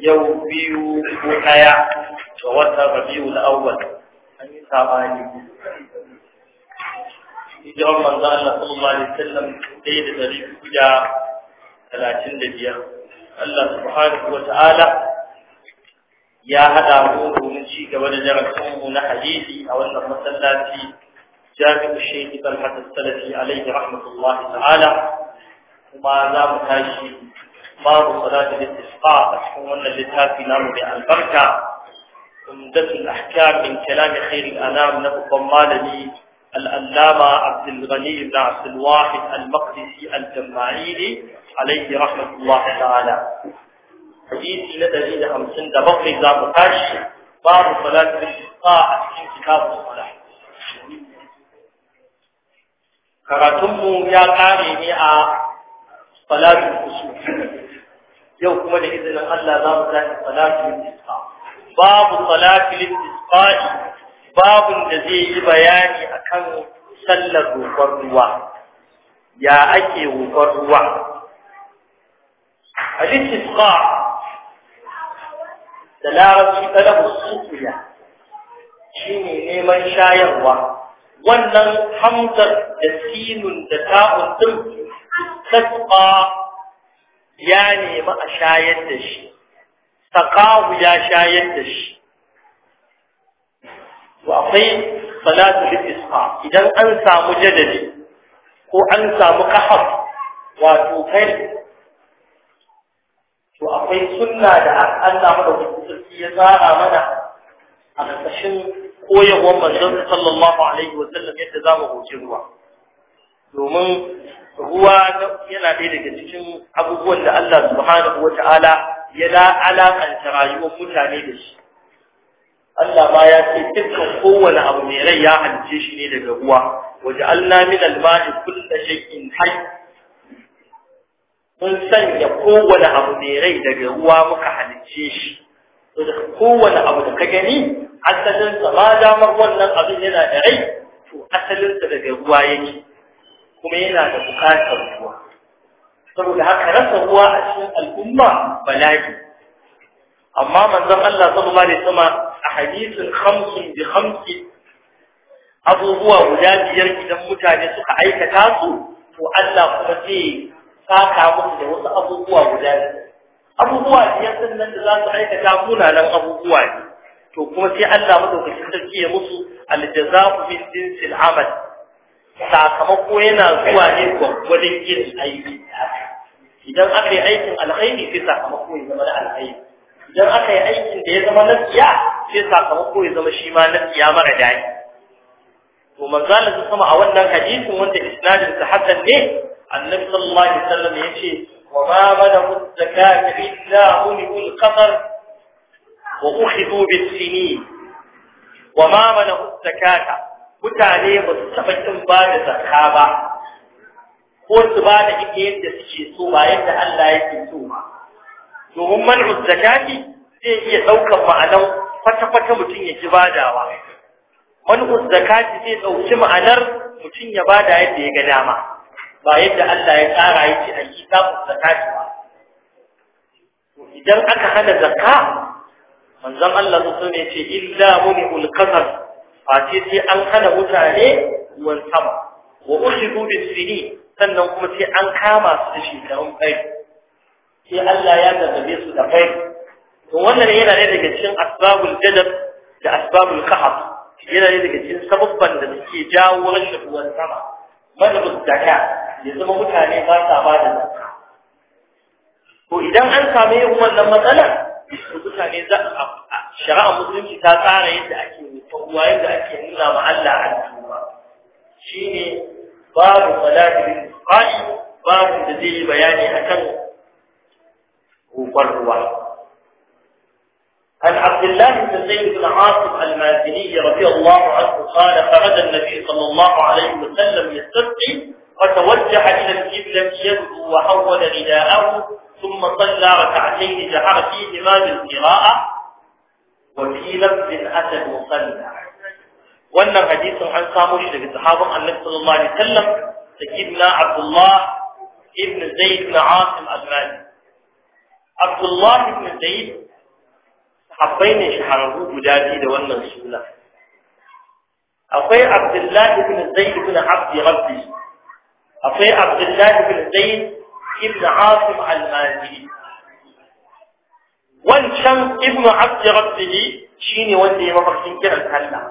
yau biyu ko ɗaya ga watan rabiu na awwal an yi sabani hijiran manzo Allah sallallahu alaihi wasallam dai da dari guda talatin da biyar Allah subhanahu wa ta'ala ya haɗa mu domin ci gaba da darasin mu na hadisi a wannan masallaci جامع الشيخ طلحة السلفي عليه رحمة الله تعالى وما نام تاشي باب صلاة الاستسقاء تحكمون لتافي نام البركة عمدة الأحكام من كلام خير الأنام له لي الألامة عبد الغني بن عبد الواحد المقدسي الجماعيلي عليه رحمة الله تعالى حديثي لدليل خمسين دبقي زام تاشي باب صلاة الاستسقاء في كتاب الصلاة karatunmu ya kare ne a salatul kusur yau kuma da izinin Allah za mu tafi salatul istisqa babu salatul istisqa babun da zai yi bayani a kan sallar roƙon ruwa ya ake roƙon ruwa al-istisqa da larabci talabu sukuya ne neman shayarwa wannan hamzar da sinun da ta'un din tasqa ya nemi a shayar da shi saqahu ya shayar da shi wa akwai salatu lil idan an samu jadali ko an samu kahaf wato kai to akwai sunna da Allah madaukakin sarki ya tsara mana a ƙarƙashin koyarwar manzon sallallahu alaihi wa sallam yadda za mu hoce ruwa domin ruwa yana ɗaya daga cikin abubuwan da Allah subhanahu wa ta'ala ya da rayuwar mutane da shi Allah ma ya ce dukkan kowane abu mai rai ya halice shi ne daga ruwa waje Allah min alma'i kullu shay'in hayy mun sanya kowane abu mai rai daga ruwa muka halice shi kowane abu da ka gani asalinsa ma damar wannan abin yana da rai to asalinsa daga ruwa yake kuma yana da bukatar ruwa saboda haka rasa ruwa a cikin al'umma bala'i amma manzon Allah sallallahu alaihi wasallam a hadisin khamsun bi khamsi abubuwa guda biyar idan mutane suka aikata su to Allah kuma zai saka musu da wasu abubuwa guda biyar abubuwa biyar din nan da za su aikata munanan abubuwa ne to kuma sai Allah madaukakin sarki ya musu aljaza'u min jinsil amal sakamako yana zuwa ne gwaggwadon irin aiki idan aka yi aikin alkhairi sai sakamako ya zama da alkhairi idan aka yi aikin da ya zama na tsiya sai sakamako ya zama shi ma na tsiya mara daɗi to manzo Allah sama a wannan hadisin wanda isnadin sa hasan ne annabi sallallahu alaihi wasallam yace wa ma bada zakata illa ulul qadar وأخذوا بالسنين وما منعوا الزكاة mutane ba su taɓa kin ba da zakka ba ko su ba da ita yadda suke so ba yadda Allah yake so ba domin man'u zakati zai iya ɗaukar ma'anar kwata-kwata mutum ya ji badawa man'u zakati zai ɗauki ma'anar mutum ya bada yadda ya ga dama ba yadda Allah ya tsara yake a yi samun zakati ba idan aka hana zakka manzon Allah sun ne ce illa muni ulqasar a ce sai an hana mutane ruwan sama wa ukhidu bisini sannan kuma sai an kama su da shekarun kai sai Allah ya gazabe su da kai to wannan yana ne daga cikin asbabul jadab da asbabul qahab yana ne daga cikin sababban da suke jawo rashin ruwan sama madabus zakka ya zama mutane ba sa ba da zakka to idan an same wannan matsalar mutane za a shari'a musulunci ta tsara yadda ake ruwa yadda ake nuna ma Allah al'umma shine babu malakin qali babu da zai yi bayani akan ruwan ruwa عن عبد الله بن زيد بن عاصم المازني رضي الله عنه قال خرج النبي صلى الله عليه وسلم يستسقي فتوجه الى القبله يدعو وحول رداءه ثم صلى ركعتين جهر في إمام القراءة وفي لبس أتى وصلى وأن الحديث عن ساموش لك الصحابة أن نفس الله عليه وسلم سيدنا عبد الله ابن زيد بن عاصم المالي عبد الله ابن زيد حبين شحره مجازي لوأن رسول الله أخي عبد الله ابن زيد بن عبد ربي أخي عبد الله ابن زيد ibn asim al-maziri wancan ibn abd rabbihi shine wanda ya mafarkin kiran sallah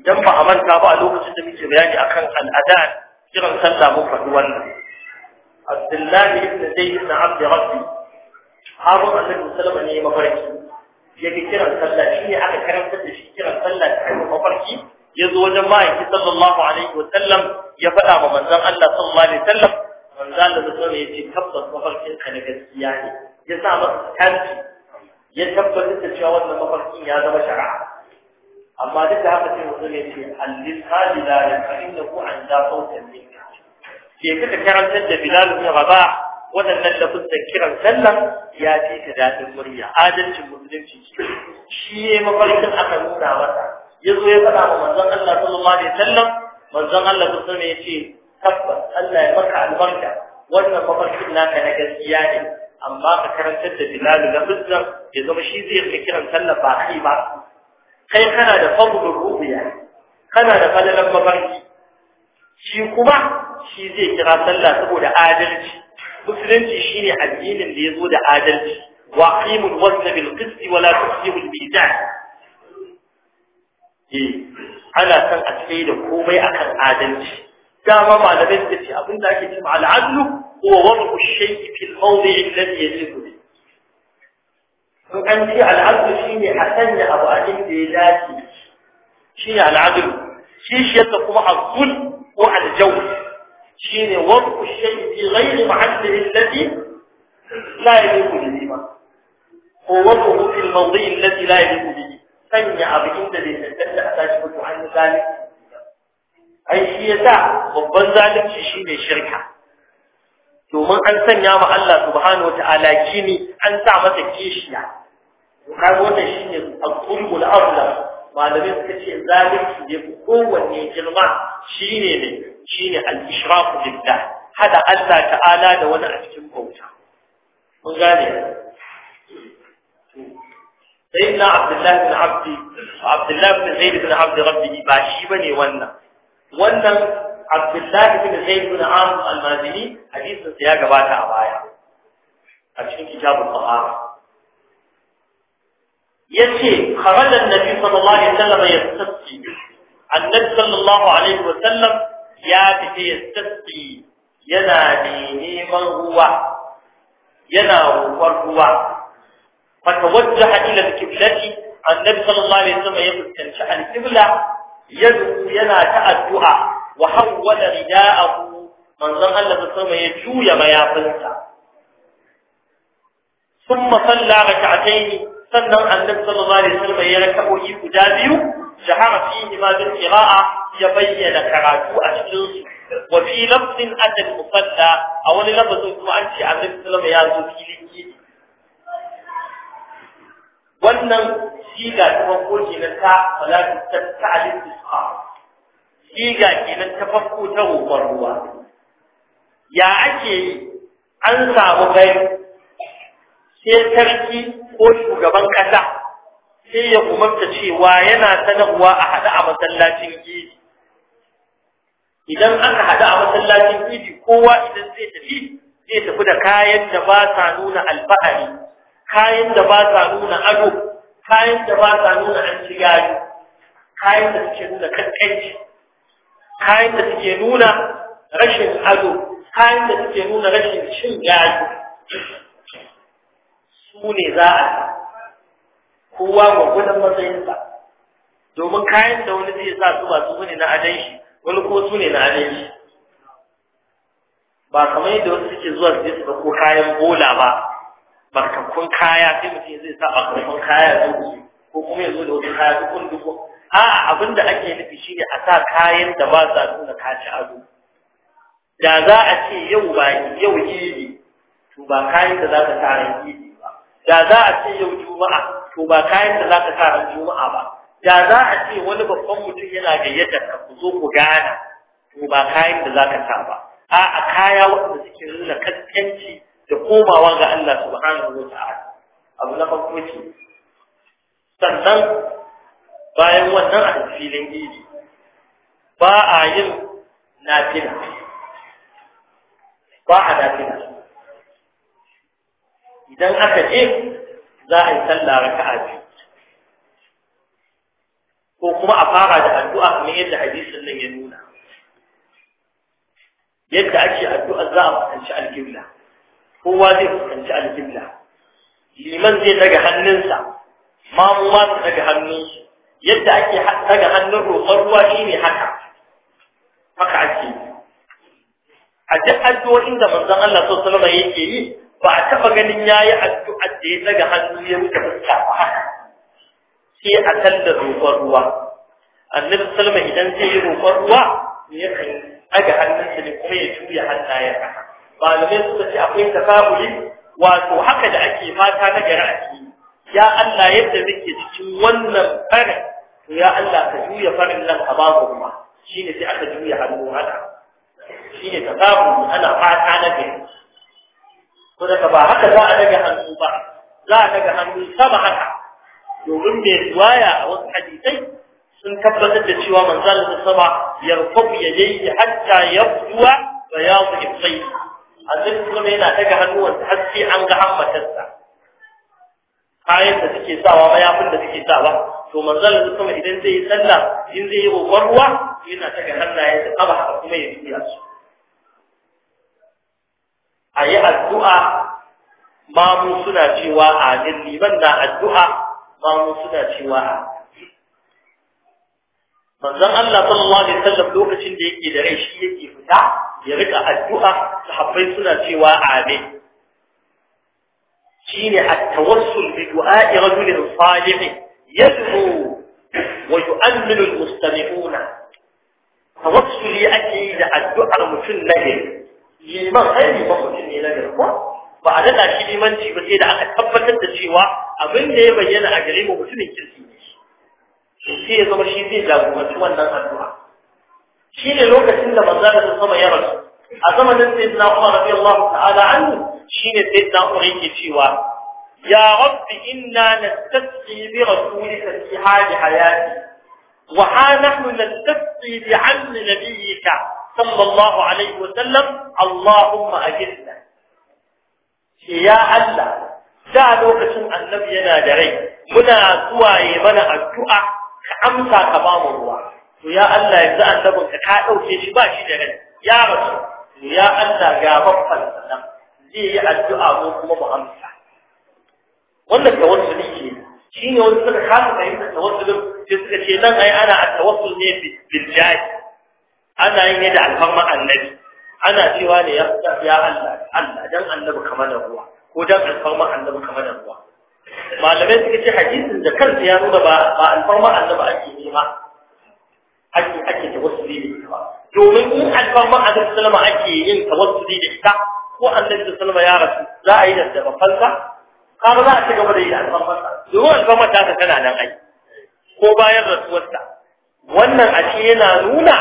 idan ba a manta ba a lokacin da muke bayani akan al'adan kiran sallah mun faɗi wannan abdullahi ibn zayd ibn abd rabbi har annabi sallallahu alaihi mafarki yake kiran sallah shine aka karanta da shi kiran sallah ta hanyar mafarki ya zo wajen ma'aiki sallallahu alaihi wa sallam ya faɗa ma manzon Allah sallallahu alaihi wa sallam manzan da zato ne ya ce tabbas mafarkin ka na gaskiya ne ya sa masa kanti. ya tabbatar da cewa wannan mafarkin ya zama shari'a amma duk da haka sai mutum ya ce al-lisani la yaqinuhu an da sautan min ke kika karantar da bilal ibn rabah da lafuzan kiran sallan ya ce ta dadin murya adalcin musulunci shi ne mafarkin aka nuna masa yazo ya faɗa wa manzon Allah sallallahu alaihi wasallam manzon Allah sallallahu alaihi wasallam ya ce tabbas Allah ya maka albarka wannan mafarkin naka na gaskiya ne amma ka karantar da Bilal na Bizar ya zama shi zai ka kiran sallar ba kai ba kai kana da fadlul rubiya kana da fadalan mafarki shi kuma shi zai kira sallah saboda adalci musulunci shine addinin da yazo da adalci wa qimul wazn bil qist wa la tusihu mizan eh ana san a tsaye da komai akan adalci كما معلمين في أبن ذاك جمع العدل هو وضع الشيء في الموضع الذي يجب لي فأنت العدل فيني حسن أبو أجل ذاتي شيني العدل شيش يدفع الظل هو الجول شيني وضع الشيء في غير معدل الذي لا يجب لي هو وضعه في الموضع الذي لا يجب لي فأني أبن ذاك جمع العدل هو ai shi yasa babban zalunci shine shirka domin an sanya ma Allah subhanahu wata'ala kini an sa masa kishiya to kaga wannan shine al-qulul azlam malamai suka ce zalunci ne kowanne girma shine ne shine al-ishraku billah hada Allah ta'ala da wani a cikin bauta mun gane sayyidina abdullahi bin abdi abdullahi bin zaid bin abdi rabbi ba shi bane wannan wannan abdullahi bin zaid bin amr al-mazini hadisin ya gabata a baya a cikin kitabul tahara yace kharaja annabi sallallahu alaihi wasallam yastasqi annabi sallallahu alaihi wasallam ya ya yastasqi yana neman ruwa yana roƙon ruwa fatawajjaha ila al-qiblati annabi sallallahu alaihi wasallam ya fuskanci al-qibla yadu yana ta addu'a wa hawwala rida'ahu manzon Allah ta sama ya juya mayafinsa thumma salla rak'atayn sannan annabi sallallahu alaihi wasallam ya rak'o'i guda biyu jahara fihi ma bil qira'a ya bayyana karatu a cikin su wa fi lafzin adal mufalla a wani lafazin kuma an ce annabi sallallahu alaihi wasallam ya zo fili wannan siga ta farko kenan ta salatu ta ta'alil isqa siga kenan ta farko ta roƙon ruwa ya ake yi an samu kai sai sarki ko shugaban ƙasa sai ya umarta cewa yana sanarwa a haɗu a masallacin idi idan aka haɗu a masallacin gidi kowa idan zai tafi zai tafi da kayan da ba sa nuna alfahari kayan da ba sa nuna ado kayan da ba sa nuna an ci gado kayan da suke nuna kankanci kayan da suke nuna rashin ado kayan da suke nuna rashin cin gari su ne za a kowa gwagwadon matsayinsa domin kayan da wani zai sa su ba su ne na adon shi wani ko su ne na adon shi ba kamar yadda wasu suke zuwa su je su ko kayan bola ba barkakkun kaya sai mutum zai sa barkakkun kaya zo ko kuma ya zo da wasu kaya dukun dukun a'a abin da ake nufi shine a sa kayan da ba sa nuna kaci ado da za a ce yau ba yau idi to ba kayan da za ka sa ran idi ba da za a ce yau juma'a to ba kayan da za ka sa ran juma'a ba da za a ce wani babban mutum yana gayyatar ka ku zo ku gana to ba kayan da za ka sa ba a'a kaya waɗanda suke nuna kaskanci da komawa ga Allah subhanahu wa ta'ala abu na farko ce sannan bayan wannan a filin idi ba a yin nafila ba a nafila idan aka je za a yi sallah raka'a biyu ko kuma a fara da addu'a kamar yadda hadisin nan ya nuna yadda ake addu'a za a fahimci alƙibla kowa zai fuskanci alƙibla liman zai daga hannunsa mamu ma su daga hannunsu yadda ake daga hannun roƙon ruwa shi ne haka haka ake a duk addu'o'in da manzon Allah sallallahu alaihi wasallam yake yi ba a taɓa ganin yayi addu'a da ya daga hannu ya wuce fuska ba haka sai a sallar roƙon ruwa annabi sallallahu idan zai yi roƙon ruwa yakan daga hannunsa ne kuma ya juya hannayen haka malamai suka ce akwai tafa'uli wato haka da ake mata na gari a ciki ya Allah yadda muke cikin wannan farin to ya Allah ka juya farin nan a babu kuma shine sai aka juya hannu haka shine tafa'uli ana fata na gari ko da ba haka za a daga hannu ba za a daga hannu sama haka domin mai riwaya a wasu hadisai sun tabbatar da cewa manzon sama yarfu yadayhi hatta yabduwa bayadu ibsayhi annabi kuma yana daga hannuwansa har sai an ga hammatarsa kayan da suke sawa mayafin da suke sawa to manzon da kuma idan zai yi sallah in zai yi roƙon ruwa yana daga hannayen da kaba haka kuma ya biya su a yi addu'a mamu suna cewa a din liman na addu'a mamu suna cewa a manzon Allah sallallahu alaihi wasallam lokacin da yake da rai shi yake Da ya rika addu'a sahabbai suna cewa amin shine at-tawassul bi du'a'i rajulin salih yad'u wa yu'minu al-mustami'una tawassuli ake yi da addu'ar mutum na gari liman aini ba mutum ne na gari ko ba a daɗa shi limanci ba sai da aka tabbatar da cewa abin da ya bayyana a gare mu mutumin kirki ne sai ya zama shi zai jagoranci wannan addu'a shi ne lokacin da manzo ta sama ya rasu a zamanin sayyidina Umar radiyallahu ta'ala anhu shi ne sayyidina Umar yake cewa ya rabbi inna nastasqi bi rasulika fi hali hayati wa ha nahnu nastasqi bi amli nabiyyika sallallahu alaihi wa sallam allahumma ajilna shi ya Allah da lokacin annabi yana da rai muna zuwaye mana addu'a ka amsa ka ba ruwa to ya Allah yanzu annabin ka ka dauke shi ba shi da rai ya rasu to ya Allah ga babban sanan zai yi addu'a ko kuma mu amsa wannan tawassuli ke shi ne wasu suka kasa fahimtar tawassul sai suka ce nan ai ana a tawassul ne bil jahi ana yin ne da alfarma annabi ana cewa ne ya Allah Allah dan annabi kamar da ruwa ko dan alfarma annabi kamar da ruwa malamai suka ce hadisin da kansa ya nuna ba ba alfarma annabi ake nema ake ake tawassuli da ita ba, domin in alfarma a da sallama ake yin tawassuli da ita ko annabi da sallama ya rasu za a yi da dabafansa kaga za a ci gaba da yi da alfarmarsa domin alfarma ta ta tana nan ai ko bayan rasuwarsa wannan ashe yana nuna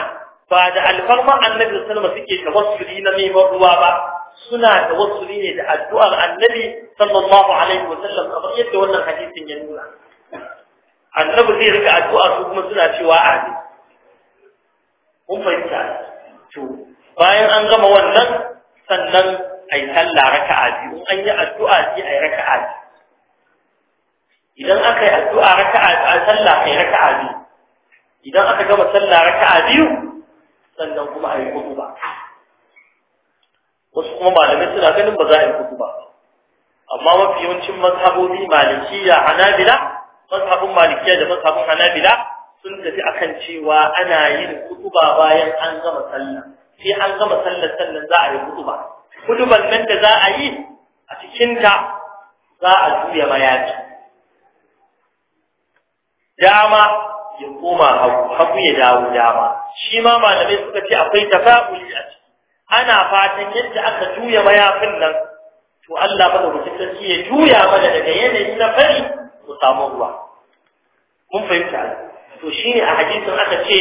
ba da alfarma annabi da sallama suke tawassuli na neman ruwa ba suna tawassuli ne da addu'ar annabi sallallahu alaihi wa sallam kamar yadda wannan hadisin ya nuna annabi zai rika addu'a su kuma suna cewa amin mun fahimta to bayan an gama wannan sannan ai sallah raka'a biyu an yi addu'a sai ai raka'a idan aka yi addu'a raka'a a sallah kai raka'a biyu idan aka gama sallah raka'a biyu sannan kuma ai ba, wasu kuma malamai suna ganin ba za a yi ba, amma mafi yawancin mazhabobi malikiya hanabila mazhabin malikiya da mazhabin hanabila sun tafi akan cewa ana yin kutuba bayan an gama sallah sai an gama sallar sannan za a yi kutuba kutuban nan da za a yi a cikinta za a juya mayaci dama ya koma hagu hagu ya dawo dama shi ma malamai suka ce akwai tafa'uli a ciki ana fatan yadda aka juya mayafin nan to Allah madaukakin sarki ya juya mana daga yanayi na fari mu samu ruwa mun fahimta to shine a hadisin aka ce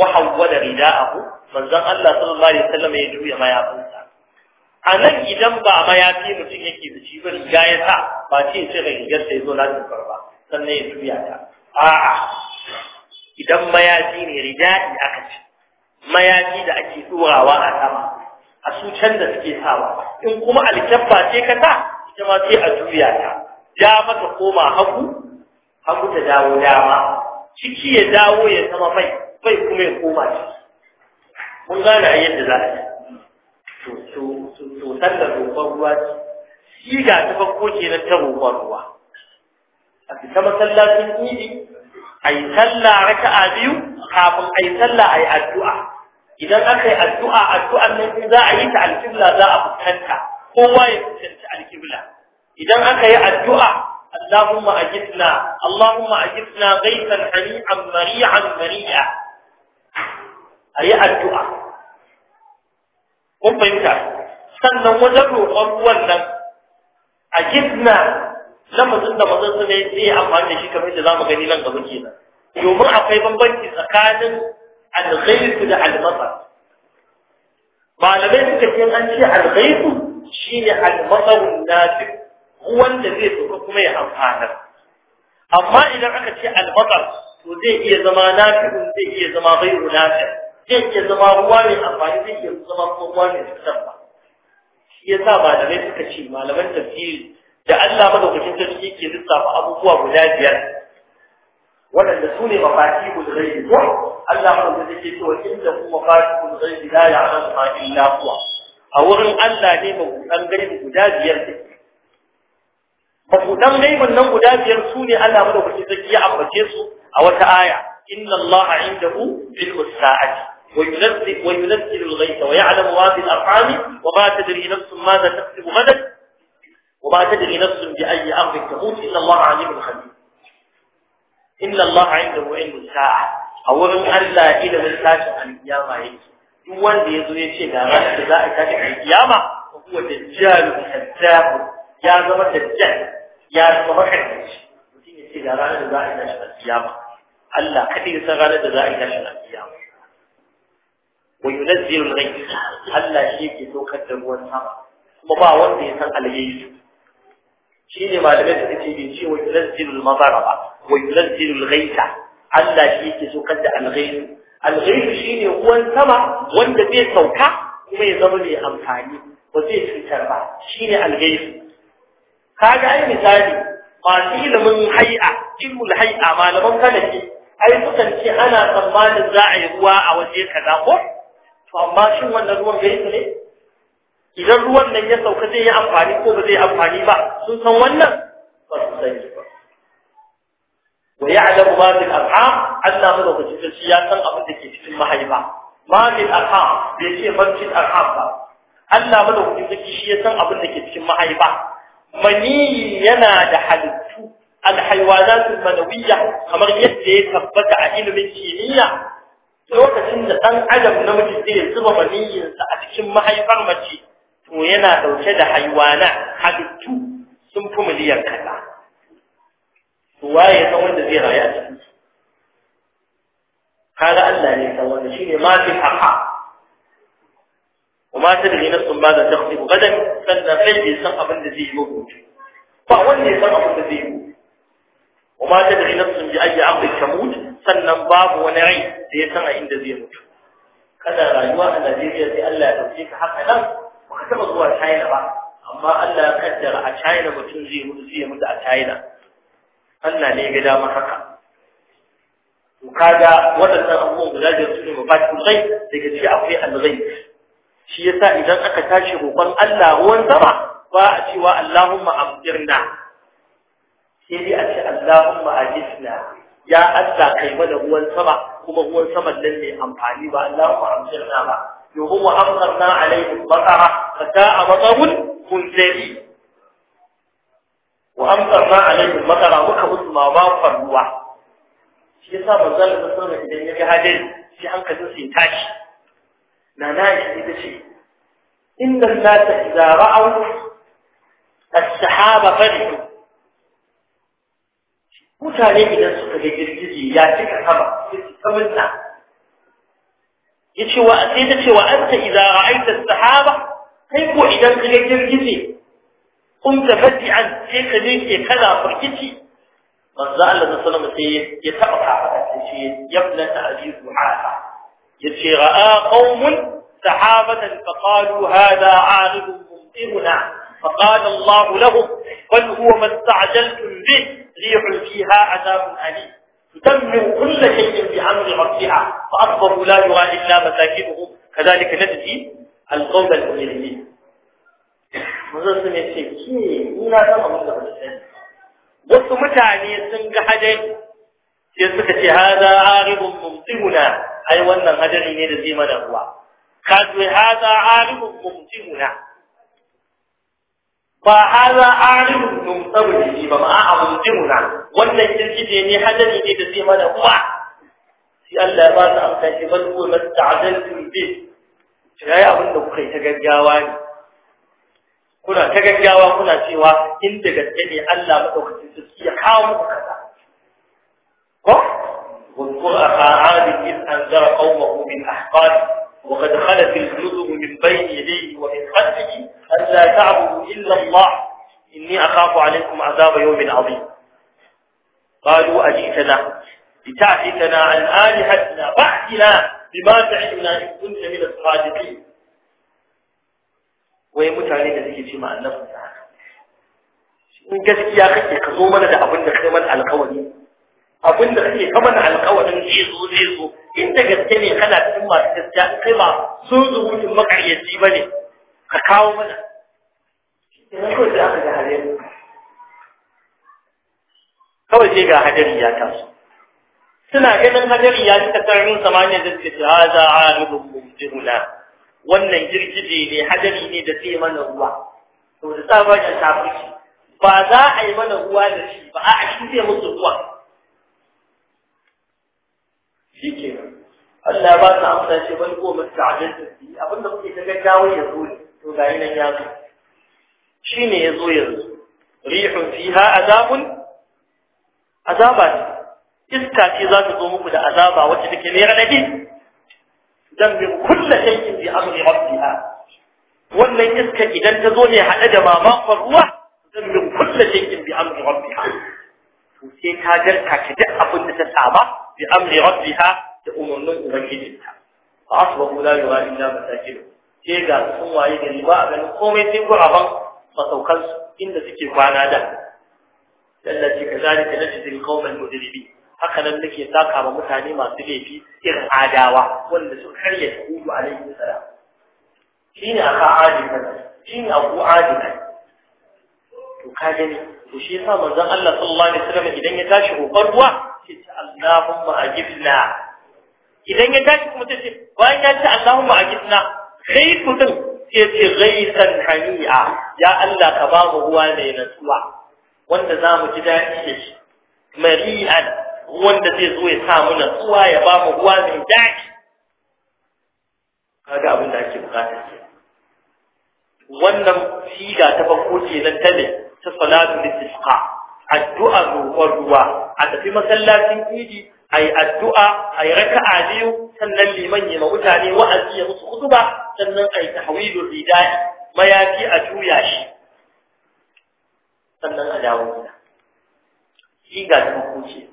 wa hawwala rida'ahu manzon Allah sallallahu alaihi wasallam ya juya mayafinsa a nan idan ba mayafi mutum yake da shi ba riga ya sa ba ce sai ga rigar sai zo lafiyar ba sannan ya juya ta a'a idan mayafi ne rida'i aka ce mayafi da ake tsorawa a sama a su can da suke sawa in kuma alkyabba ce ka sa ita ma sai a juya ta ja mata koma hagu hagu ta dawo dama ciki ya dawo ya zama fai fai kuma ya koma shi. mun gane a yadda za a yi to da roƙon ruwa ce shi ga ta farko ke na ta roƙon ruwa a fita masallacin idi a yi sallah a biyu kafin a yi sallah a yi addu'a idan aka yi addu'a addu'an nan in za a yi ta alkibla za a fuskanta kowa ya fuskanci alkibla idan aka yi addu'a اللهم أجدنا اللهم أجدنا غيثا حريعا مريعا مريعا أي addu'a. kun fahimta sannan wajen roƙon ruwan nan a gizna lamarin da mazan su ne zai yi amfani da shi kamar yadda za mu gani nan gaba kenan domin akwai bambanci tsakanin alghaisu da almasar malamai suka ce an ce alghaisu shine almasarun nafi ruwan da zai to kuma ya amfana amma idan aka ce albatar to zai iya zama nafi'un zai iya zama bai nafi zai iya zama ruwa mai amfani zai iya zama kuma ruwa mai cutar. cutarwa shi da malamai suka ce malaman tafsiri da Allah da madaukakin sarki ke lissafa abubuwa guda biyar waɗanda su ne mafatihul ghaibi ko Allah madaukakin zai ke cewa inda kuma mafatihul ghaibi la ya'lamu ma illa kuwa. a wurin Allah ne mabuɗan gaibi guda biyar take mabudan gaibin nan guda biyar su ne Allah madaukakin sarki ya ambace su a wata aya inna Allah indahu bil sa'ati wa yunzil wa yunzil al ghayth wa ya'lamu ma fi al arham wa ma tadri nafsun madha taktubu madad wa ma tadri nafsun bi ayyi amrin tamut inna Allah alimun khabir inna Allah indahu ilmu sa'a a wurin Allah ilimin tashin alkiyama yake duk wanda yazo ya ce ga ranar da za a tashi alkiyama ko huwa dajjalun kadzab ya zama dajjal ya zama makarkaci mutum ya ce da ranar da za a yi tashi na kiyama Allah kaɗai ya san ranar da za a yi tashi na kiyama wa yunazzilul ghayth Allah shi yake saukar da ruwan sama kuma ba wanda ya san alghayth shi ne malamai da suke bi cewa yunazzilul madara ba wa yunazzilul raita Allah shi yake saukar da alghayth shi ne ruwan sama wanda zai sauka kuma ya zama mai amfani ba zai cutar ba shi shine alghayth ka ga yi misali masu ilimin hai'a ilimin hai'a malaman kana ai sukan ce ana tsammanin za a yi ruwa a waje kaza ko to amma shin wannan ruwan gari su ne idan ruwan nan ya sauka zai yi amfani ko ba zai amfani ba sun san wannan ba su san sani ba wa ya alamu ma bin arha an samu da shi ya san abin da ke cikin mahaifa ma bin arha bai ce bancin arha ba an samu da wata shi ya san abin da ke cikin mahaifa maniyi yana da halittu alhaywanatul manawiyya kamar yadda ya tabbata a ilimin kimiyya lokacin da dan adam namiji zai zuba maniyinsa a cikin mahaifar mace to yana dauke da haywana halittu sun fi miliyan kaza to waye san wanda zai rayu a cikin kaga Allah ne san wanda shine ma fi haqa وما تدري نفس ماذا تخطب غدا فلنا فلدي سن abin da zai mutu ba wanda ya san abin da zai وما تدري نفس بأي عقل تموت sannan babu wani rai da ya san a inda zai mutu Kada rayuwa a Najeriya sai Allah ya dauke ka haka nan ba ka taba zuwa China ba amma Allah ya kaddara a China mutum zai mutu zai mutu a China Allah ne ga dama haka to kaga waɗannan abubuwan guda biyar su ne mafakin sai daga ciki akwai alghayb shi yasa idan aka tashi roƙon Allah ruwan sama ba a cewa Allahumma amdirna sai dai a ce Allahumma ajisna ya Allah kai mana ruwan sama kuma ruwan sama nan ne amfani ba Allahumma amdirna ba domin wa amsarna alaihi al-baqara fa ta'a matarun munzari wa amsarna alaihi al-baqara muka musu mama farruwa shi yasa manzon Allah sallallahu alaihi wasallam idan ya ga hadari shi hankalinsa ya tashi na na'isha ita ce inna nasa idza ra'aw as-sahaba farihu mutane idan suka ga girgiji ya cika sama sai kamar na yace wa sai ta ce wa anta idza ra'aita as-sahaba kai ko idan ka ga girgiji kun tafati'an sai ka je ke kaza furkici manzo Allah sallallahu alaihi wasallam sai ya taba kafa sai ya yabna ta'abi du'a يتشي رأى قوم سحابة فقالوا هذا عارض ممطرنا فقال الله لهم بل هو ما استعجلتم به ريح فيها عذاب أليم تدمر كل شيء بأمر ربها فأصبروا لا يرى إلا مساكنهم كذلك نجزي القول المجرمين manzon sun ya ce ke ina san abin wasu mutane sun ga sai suka ce hada ai wannan hadari ne da zai mana ruwa kaji hada alimun mumtihuna ba hada alimun mumtihuna ba ma a mumtihuna wannan kirki ne hadari ne da zai mana ruwa sai Allah ya ba ta amsa shi bal huwa masta'adantum bi yayi abin da kuka yi ta gaggawa ne kuna ta gaggawa kuna cewa in da gaske ne Allah madaukakin sarki ya kawo muku kaza ko واذكر أخا عاد إذ أنذر قومه بالأحقاد وقد خلت الجذر من بين يديه ومن خلفه لا تعبدوا إلا الله إني أخاف عليكم عذاب يوم عظيم قالوا أجئتنا لتعفتنا عن آلهتنا بعدنا بما تعلمنا إن كنت من الصادقين ويموت علينا ذكي فيما أنفسنا تعالى gaskiya kake يا أخي mana da abin da على mana abin da kake kama na alƙawarin zai zo zai zo in gaske ne kana cikin masu gaskiya in kai ba sun zubutun makaryaci ba ne ka kawo mana idan kawai sai aka ga hadari kawai sai ga ya taso suna ganin hadari ya ci sararin samaniya da suke ha za a rubun mujiruna wannan girgije ne hadari ne da zai mana ruwa to da tsabagen tafi ba za a yi mana ruwa da shi ba a shi zai musu ruwa Allah ba ta amsa shi bal ko musta'jil bi abinda kuke ta gaggawa ya zo to ga nan ya zo Shi ne ya zo yanzu rihun fiha azabun azaba iska ce za ta zo muku da azaba wacce take ne radadi dan bi kullu shay'in bi amri rabbiha wannan iska idan ta zo ne hada da mama mamakon ruwa dan bi kullu shay'in bi amri rabbiha to sai ta garka ta duk abin da ta saba bi amri rabbiha da umarnin ubangijinta fa asbahu la yura illa masakin sai ga sun waye gari ba a ganin komai sai guraban masaukan su inda suke kwana da lallaci kazalika najzil qawmal mujrimin haka nan nake saka ma mutane masu laifi irin adawa wanda suka karya ta hudu a alaihi Shi ne aka Shi ne abu adikan to ka gani to shi yasa manzon Allah sallallahu alaihi wasallam idan ya tashi kokar ruwa sai ta Allahumma ajibna idan ya tashi kuma sai ce bayan ya ce Allahumma ajidna sai mutum sai ce ghaisan hani'a ya Allah ka ba mu ruwa mai natsuwa wanda za mu ji daɗi da shi mari'an wanda zai zo ya sa mu natsuwa ya ba mu ruwa mai daɗi kaga abin da ake bukata ke wannan siga ta farko ce nan ta ne ta salatu lisqa addu'a ruwa ruwa a tafi masallacin idi a addu'a a raka'a biyu sannan liman yi mutane wa'azi ya musu hutuba sannan a yi ridai mayafi a juya shi sannan a dawo gida siga ta hukunci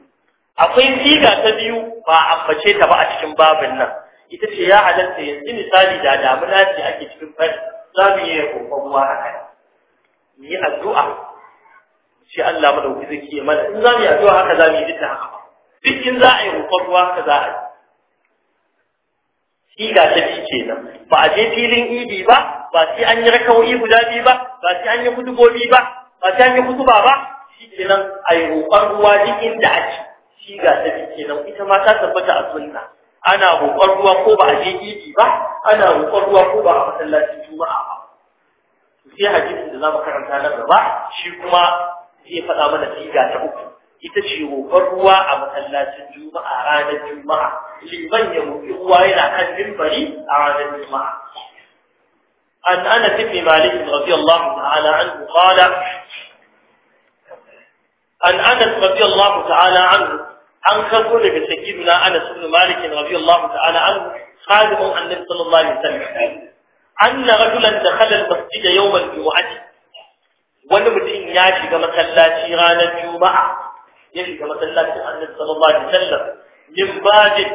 akwai siga ta biyu ba a ambace ta ba a cikin babin nan ita ce ya halatta yanzu misali da damuna ce ake cikin fari za mu yi kokon ruwa a kai mu yi addu'a shi Allah madauki zai ke mana in za mu yi addu'a haka za mu yi dukkan haka duk in za a yi roƙon ruwa ka za a yi ga ta ce nan ba a je filin idi ba ba sai an yi rakawoyi guda biyu ba ba sai an yi gobi ba ba sai an yi kudu ba shi kenan a yi roƙon ruwa duk inda shi ga ta ce nan ita ma ta tabbata a sunna ana roƙon ruwa ko ba a je idi ba ana roƙon ruwa ko ba a masallacin juma'a ba sai hadisin da za mu karanta na gaba shi kuma zai faɗa mana siga ta uku ita ce roƙon ruwa a masallacin juma'a ranar juma'a liman ya roƙi ruwa yana kan mimbari a ranar juma'a an ana tafi malikin radiyallahu ta'ala an qala an anas radiyallahu ta'ala anhu an karbo daga sayyidina anas ibn malik radiyallahu ta'ala anhu khadimun annabi sallallahu alaihi wasallam anna rajulan dakhala al-masjid yawm al-jumu'ah wani mutum ya shiga masallaci ranar juma'a ya shiga masallacin annabi sallallahu alaihi wasallam min bajin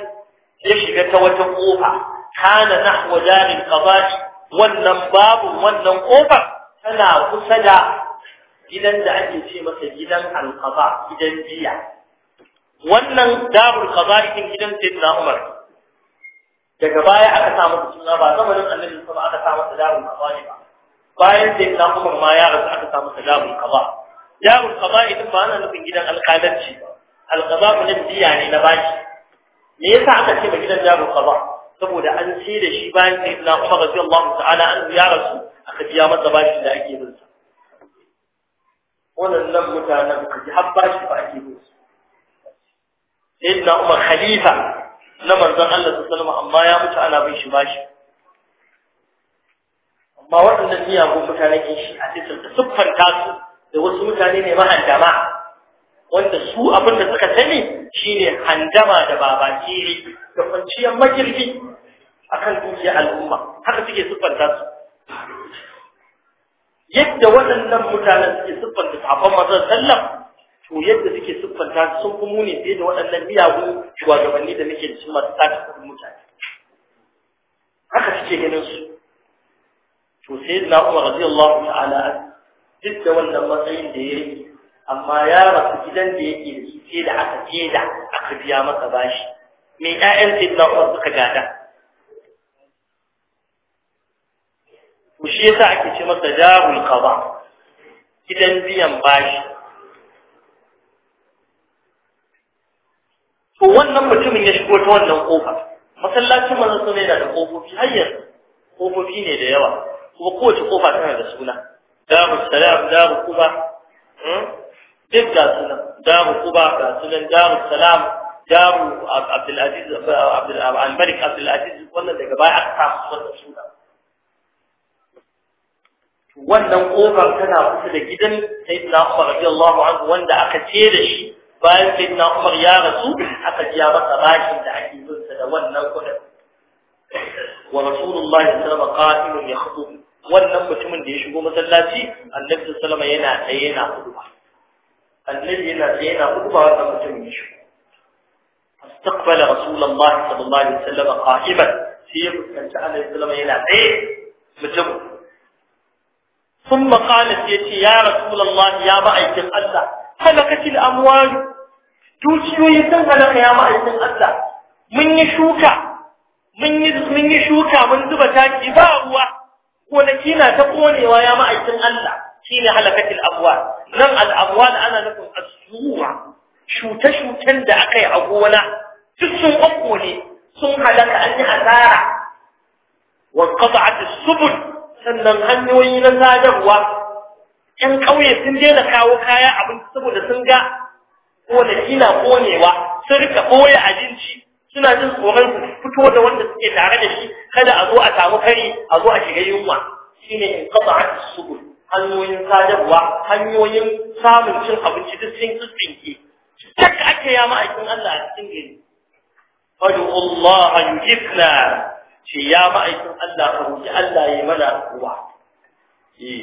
ya shiga ta wata kofa kana nahwa dalil qada'i wannan babu wannan kofar tana kusa da gidan da ake ce masa gidan alqada gidan jiya wannan darul qada'i din gidan sayyidina Umar daga baya aka samu suna ba zamanin annabi sallallahu alaihi wasallam aka samu darul qada'i ba bayan sayyidina Umar ma ya rasu aka samu darul qada'i darul qada'i din ba ana nufin gidan alƙalanci ba alqada'u na biya ne na baki me yasa aka ce ba gidan darul qada saboda an ce da shi bayan sayyidina Umar radiyallahu ta'ala an ya rasu aka biya masa bashi da ake bin sa wannan nan mutanen ka ji har bashi ba ake bin sa sayyidina Umar khalifa na manzon Allah sallallahu alaihi amma ya mutu ana bin shi bashi amma waɗannan miyagun mutane ke shi a cikin siffanta su da wasu mutane ne mahandama wanda su abin da suka sani shine handama da babakiri da kwanciyar magirbi kan dukiyar al'umma haka suke siffanta su yadda waɗannan mutanen suke siffanta sahabban mazan sallam to yadda suke siffanta su, sun fi muni fiye da waɗannan miyagun shugabanni da muke cikin masu tsaka kuɗin mutane haka suke ganin su to sai na umar radiyallahu ta'ala duk da wannan matsayin da ya yi amma ya rasu gidan da ke da su ce da aka ce da aka biya masa bashi mai ƴaƴan sai na uwar suka gada ku shi yasa ake ce masa jarul kaba gidan biyan bashi to wannan mutumin ya shigo ta wannan kofa masallacin manzon sunna yana da kofofi hayyar kofofi ne da yawa kuma kowace kofa tana da suna daru salam daru kuba hmm? duk ga sunan daru kuba ga sunan daru salam daru abdulaziz al-malik abdulaziz wannan daga baya aka samu wannan sunan wannan kofar tana kusa da gidan sayyidina umar radiyallahu anhu wanda aka ce da shi bayan sayyidina umar ya rasu aka ji masa bashin da ake bin sa da wannan kudin wa rasulullahi sallallahu alaihi wasallam qa'imun yakhdhub wannan mutumin da ya shigo masallaci annabi sallama yana tsaye yana huduba annabi yana tsaye yana huduba wannan mutumin ya shigo استقبل رسول الله صلى الله عليه وسلم قائما سيف كان عليه yana tsaye mutum ثم قال سيتي يا رسول الله يا sun halaka ya ma'aikin Allah mun yi shuka mun zuba taki ba ruwa gonaki na ta konewa ya ma'aikin Allah shine halakatil abwal nan al da ana nufin asuwa shuta-shutan da aka yi a gona duk sun ne sun halaka an yi asara wa qata'at as-subul sannan hanyoyi na sadarwa ƴan ƙauye sun daina kawo kaya abinci saboda sun ga gonaki na konewa sun rika ɓoye abinci suna jin tsoron ku fito da wanda suke tare da shi kada a zo a samu kari a zo a shiga yunwa shine in qata an subul hanyoyin sadarwa hanyoyin samun cin abinci duk sun tsinke duk ake ya ma'aikin Allah a cikin gari fadu Allah yujibna shi ya ma'aikin Allah ka roki Allah ya mana ruwa eh,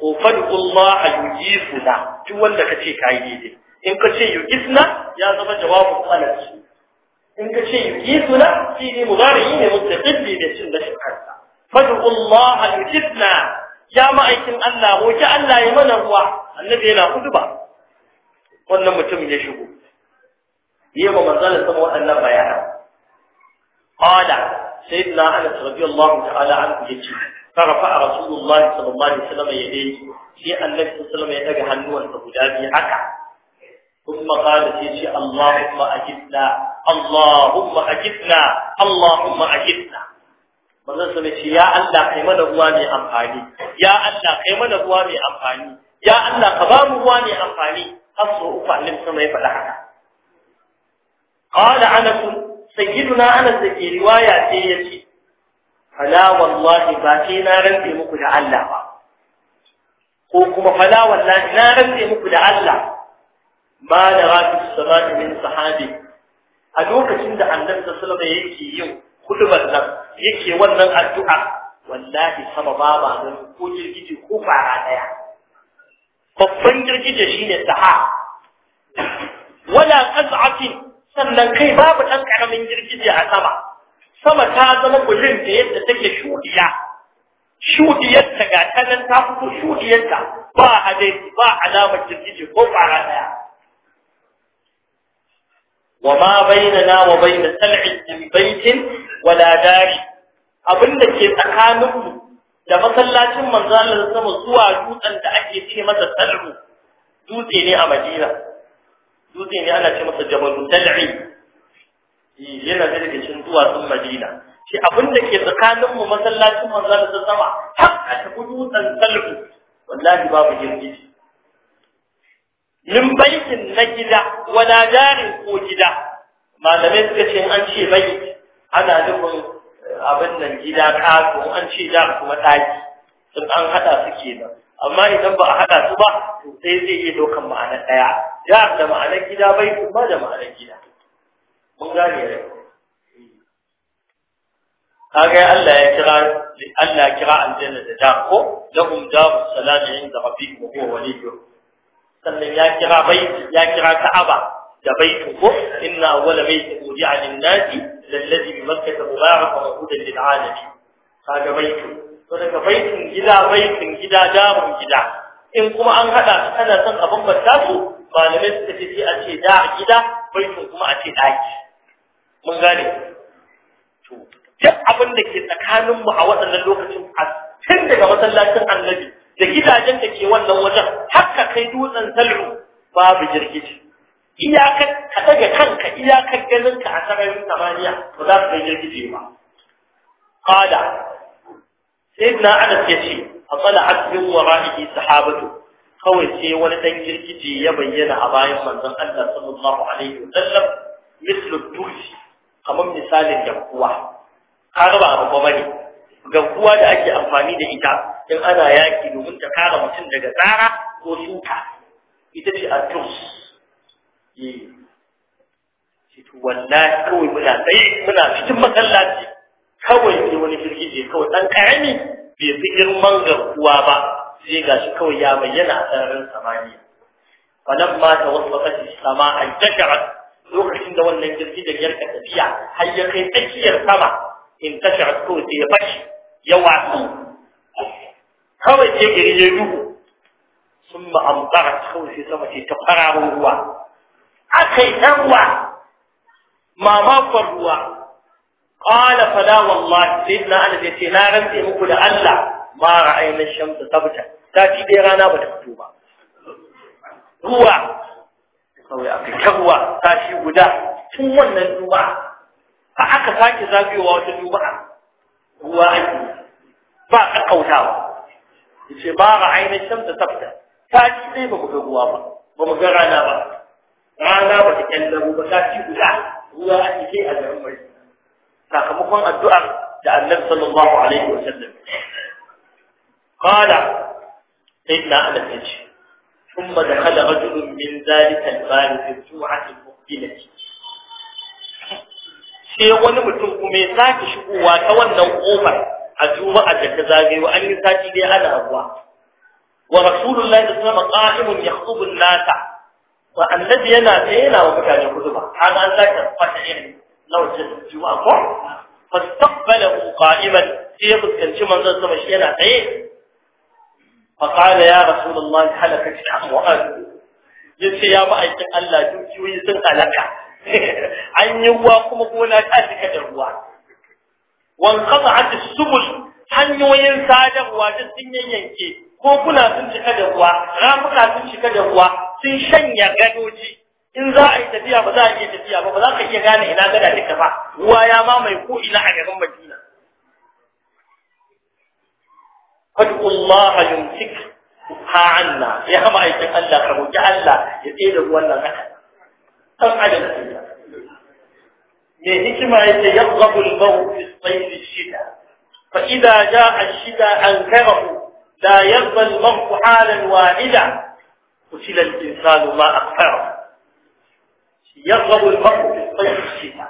ko fadu Allah yujibna duk wanda ka kace kai daidai in ka ce yujibna ya zama jawabin qalbi in ka ce yuqituna fi ne mudari ne mustaqil bi da cin da shakarta fad'u Allah ya ma'aikin Allah ko ki Allah ya mana ruwa annabi yana kuduba wannan mutum ya shigo yi ba manzalin sama waɗannan bayanan qala sayyidina Anas radiyallahu an anhu yace a رسول الله صلى الله عليه وسلم يديه في النبي صلى الله عليه وسلم يدق guda biyu haka. ثم قال شيء اللهم أجبنا اللهم أجبنا اللهم أجبنا manzon sa ce ya Allah kai mana ruwa mai amfani ya Allah kai mana ruwa mai amfani ya Allah ka ba mu ruwa mai amfani har so uku annabi sama ya faɗa haka qala anas sayyiduna anas da ke riwaya ce yace fala wallahi ba sai na rantse muku da Allah ba ko kuma fala wallahi na rantse muku da Allah ba da rafi samani min sahabi a lokacin da annabi sallallahu alaihi yake yin hudubar nan yake wannan addu'a wallahi sama ba ba nan ko girgije ko fara daya babban girgije shine saha wala qaz'atin sannan kai babu dan karamin girgije a sama sama ta zama kullun da yadda take shudiya shudiyar ga ta nan ta fito ba hadai ba alamar girgije ko fara daya وما بيننا وبين سلع من بيت ولا دار abinda ke tsakaninmu da masallacin manzo Allah sama zuwa dutsen da ake ce masa Sal'u dutse ne a Madina dutse ne ana ce masa Jabalu Sal'i yana da daga cikin duwatsun Madina shi abinda ke tsakaninmu masallacin manzo Allah sama har a tafi dutsen Sal'u wallahi babu girgiji min baitin na gida wala jarin ko gida malamai suka ce an ce bai ana nufin eh, abin nan gida ka, ko an ce da kuma ɗaki sun an haɗa su kenan amma idan ba a haɗa su ba to sai zai iya ɗaukan ma'anar ɗaya ya da ma'anar gida bai kuma da ma'anar gida mun gane ne kaga Allah ya kira Allah ya kira aljanna da da ko lahum daru salami inda rabbihim huwa waliyuhum sannan ya kira bai ya kira ka'aba da baitu ko inna awwala baiti wudi'a lin-nasi lalladhi bi makkah mubarakan wa hudan lil-alamin kaga baitu to daga baitin gida baitin gida darun gida in kuma an hada su ana son abin bata su malamai suka ce a ce da gida baitin kuma a ce daki mun gane to duk abin da ke tsakaninmu a waɗannan lokacin a tun daga masallacin annabi da gidajen da ke wannan wajen haka kai dutsen sal'u babu jirgin. iyakar ka daga kanka iyakar ganin ka a sararin samaniya ba za su kai jirgiji ba qala sayyidina anas yace atala'at min wara'ihi sahabatu kawai sai wani dan girgije ya bayyana a bayan manzon Allah sallallahu alaihi wasallam mislu tushi kamar misalin yankuwa kaga ba abu bane gankuwa da ake amfani da ita in ana yaki domin ta kare mutum daga tsara ko shuka ita ce a eh. tus wallahi kawai muna tsaye muna cikin masallaci kawai ne wani ne kawai ɗan ƙarami bai fi girman garkuwa ba sai gashi kawai ya bayyana a sararin samaniya wasu tawassafat sama a jakarat lokacin da wannan jirgin da yarka tafiya har ya kai tsakiyar sama in tasharat ko sai ya fashi ya su kawai ke gari ya duhu sun ma'amtara kawai sai sama ce ta fararen ruwa aka yi ɗan ruwa mamakon ruwa ƙwala fada wallahi sai na ana zai ce na rantse muku da Allah ma ra'ayin shamsu tabbata ta ci ɗaya rana ba ta fito ba ruwa kawai aka ta ruwa ta shi guda tun wannan ruwa a aka sake zagayowa wata juma'a ruwa ake ba a kautawa yace ba ga ainihin shamsa tafta ta ci dai ba ku ga ruwa ba ba mu ga rana ba rana ba ta kallabo ba ta ci guda ruwa a cikin a garin mai sakamakon addu'ar da annabi sallallahu alaihi wa sallam qala sayyidina anas yace ثم دخل رجل من ذلك البال في الجوعة المقبلة sai wani mutum kuma ya sake shigowa ta wannan kofar a juma'a da ta zagayo an yi sati dai ana ruwa wa rasulullahi sallallahu alaihi wasallam qa'imun yakhutubu wa annabi yana ta yana wa mutane kutuba kaga an zaka fata irin lawajin juma'a ko fastaqbalahu qa'iman sai ya fuskanci manzon sama shi yana tsaye fa qala ya rasulullahi halakati amwal yace ya ma'aikin Allah dukiyoyi sun halaka an ruwa kuma gona ta cika da ruwa وانقطعت subul hanyoyin sadarwa duk sun yanyanke ko kuna sun cika da ruwa ramuka sun cika da ruwa sun shanya gadoji in za a yi tafiya ba za a iya tafiya ba ba za ka iya gane ina gada duka ba ruwa ya mamaye ko ina a garin Madina fadu Allah yumsik ha anna ya Allah ka roki Allah ya tsaye da ruwan nan mai hikima yake yaghabu al-mawu fi sayl shida fa idha jaa ash-shida ankarahu la yarda al-mawu halan wahida qutila al insan ma akfara yaghabu mawu fi sayl shida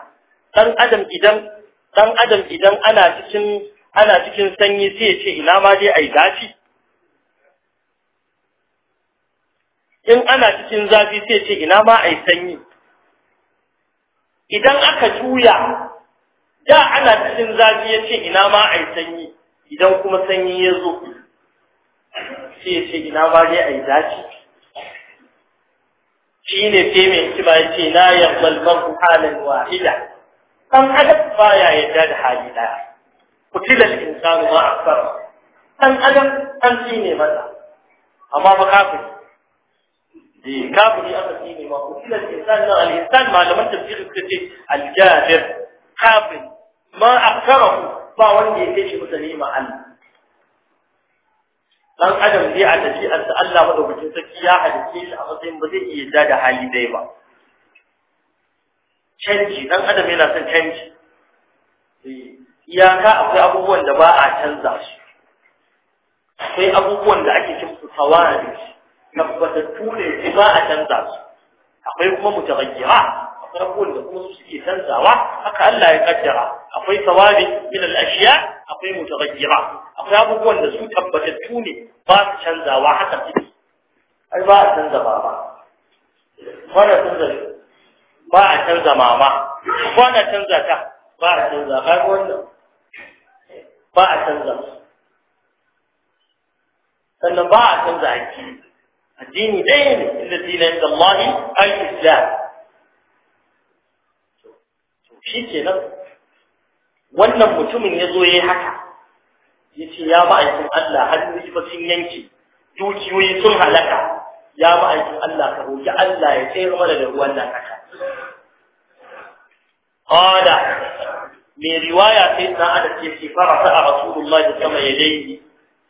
dan adam idan dan adam idan ana cikin ana cikin sanyi sai ya ce ina ma dai ai zafi in ana cikin zafi sai ce ina ma ai sanyi idan aka juya da ana cikin zafi ya ce ina ma a yi sanyi idan kuma sanyi ya zo sai ya ce ina ma dai a yi zafi shi ne sai mai kima ya ce na yaqbal balbar halin wahida dan adam baya yarda da hali daya kutilan insanu ma fara. dan adam an ne maza, amma ba kafin eh yi. aka ce ne ba kutilar insan nan al'insan malaman tafsiri suka ce aljabir kafin ma akarahu ba wanda ya kai shi mutane ma Allah dan adam zai a tafiya da Allah madaukakin sarki ya halice shi a matsayin ba zai iya ja da hali dai ba canji dan adam yana son canji eh, iyaka akwai abubuwan da ba a canza su akwai abubuwan da ake cin su tawa da shi tabbatattu ne ba a canza su akwai kuma mutaghayyira akwai abubuwan da kuma suke canzawa haka Allah ya kaddara akwai sawabi min al-ashiya akwai mutaghayyira akwai abubuwan da su tabbatattu ne ba su canzawa haka suke ai ba a canza mama kwana canza ba a canza mama kwana canza ta ba a canza kai wannan ba a canza sannan ba a canza hakki addini ɗaya ne inda dina shi ke nan wannan mutumin ya zo ya yi haka ya ce ya ma'aikin Allah hannu ba sun yanke dukiyoyi sun halaka ya ma'aikin Allah ka roƙi Allah ya tsayar mana da ruwan nan haka qala mai riwaya sai na ada ce fara sa rasulullahi sallallahu alaihi wasallam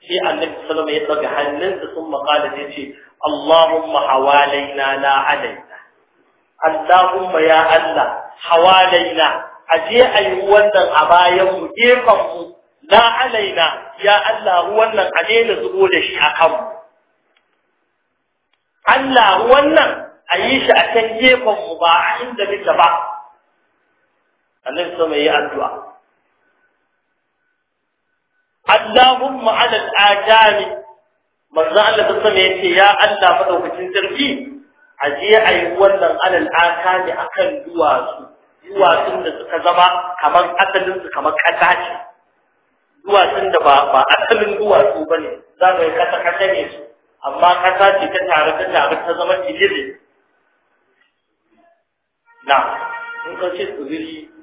sai annabi sallallahu ya daga hannunsa sun makala ya ce Allahumma hawalaina la alaina Allahumma ya Allah hawalaina aje ayi wannan a bayanmu mu gefan la alaina ya Allah wannan a daina zubo da shi a kanmu Allah wannan a yi shi a can gefan mu ba a inda muke ba annabi addu'a Allahumma ala al-ajami manzo Allah ta sama yace ya Allah madaukakin sarki aje ayi wannan ala al-akami akan duwatsu duwatsun da suka zama kamar asalin su kamar kasa ce duwatsun da ba ba asalin duwatsu bane za mu yi kasa kasa ne su amma kasa ce ta tare ta tare ta zama ilimi na in kace ce tsibiri